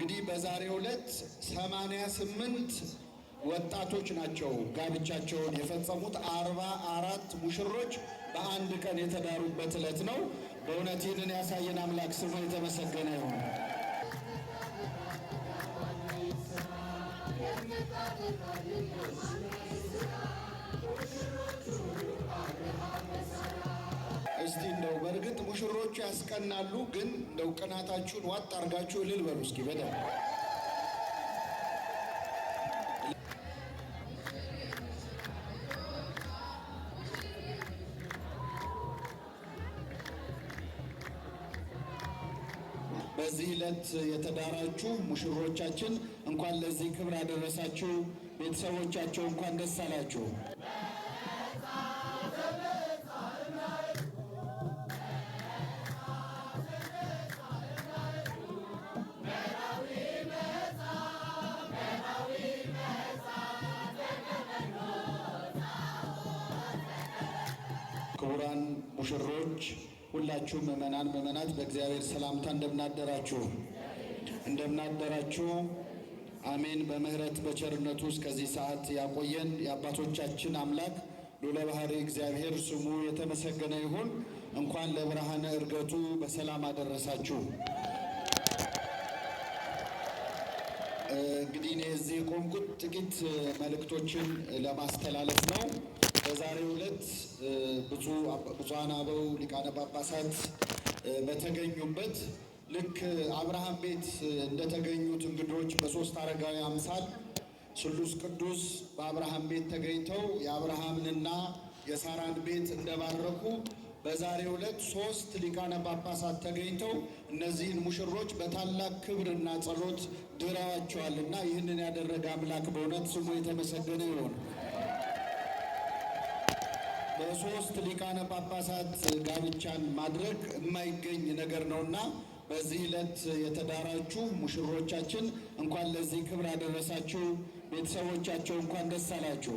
እንግዲህ በዛሬው ዕለት ሰማንያ ስምንት ወጣቶች ናቸው ጋብቻቸውን የፈጸሙት። አርባ አራት ሙሽሮች በአንድ ቀን የተዳሩበት ዕለት ነው። በእውነት ይህንን ያሳየን አምላክ ስሙ የተመሰገነ ይሁን። ብዙዎቹ ያስቀናሉ፣ ግን እንደው ቅናታችሁን ዋጥ አድርጋችሁ እልል በሉ እስኪ በደምብ። በዚህ ዕለት የተዳራችሁ ሙሽሮቻችን እንኳን ለዚህ ክብር አደረሳችሁ። ቤተሰቦቻቸው እንኳን ደስ አላችሁ። ሙሽሮች ሁላችሁ ምእመናን፣ ምእመናት በእግዚአብሔር ሰላምታ እንደምናደራችሁ እንደምናደራችሁ። አሜን። በምህረት በቸርነቱ እስከዚህ ሰዓት ያቆየን የአባቶቻችን አምላክ ሉለ ባህሪ እግዚአብሔር ስሙ የተመሰገነ ይሁን። እንኳን ለብርሃነ እርገቱ በሰላም አደረሳችሁ። እንግዲህ እኔ እዚህ የቆምኩት ጥቂት መልእክቶችን ለማስተላለፍ ነው። በዛሬው ዕለት ብፁዓን አበው ሊቃነ ጳጳሳት በተገኙበት ልክ አብርሃም ቤት እንደተገኙት እንግዶች በሶስት አረጋዊ አምሳል ስሉስ ቅዱስ በአብርሃም ቤት ተገኝተው የአብርሃምንና የሳራን ቤት እንደባረኩ በዛሬው ዕለት ሶስት ሊቃነ ጳጳሳት ተገኝተው እነዚህን ሙሽሮች በታላቅ ክብርና ጸሎት እና ይህንን ያደረገ አምላክ በእውነት ስሙ የተመሰገነ ይሆን። በሶስት ሊቃነ ጳጳሳት ጋብቻን ማድረግ የማይገኝ ነገር ነውና በዚህ ዕለት የተዳራችሁ ሙሽሮቻችን እንኳን ለዚህ ክብር አደረሳችሁ። ቤተሰቦቻቸው እንኳን ደስ አላችሁ።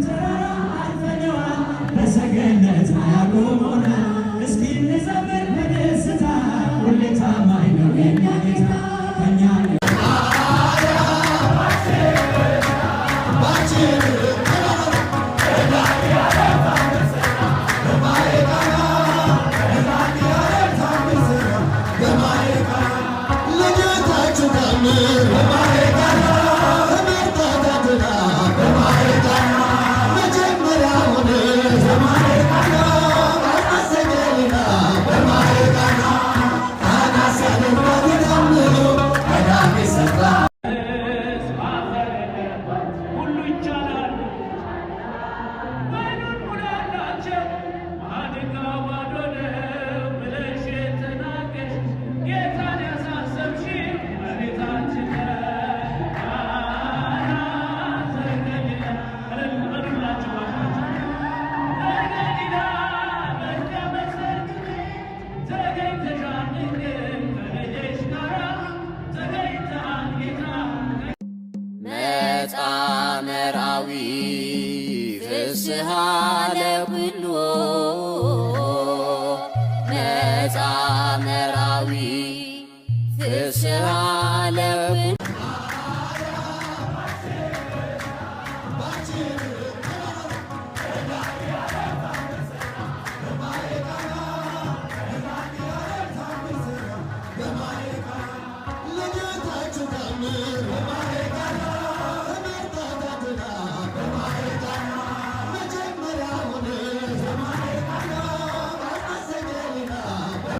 እንጀራ አልፈነዋል በሰገነት አያቆመ ፍስሃ ለኩሉ ነፃ መራዊ ፍስሃ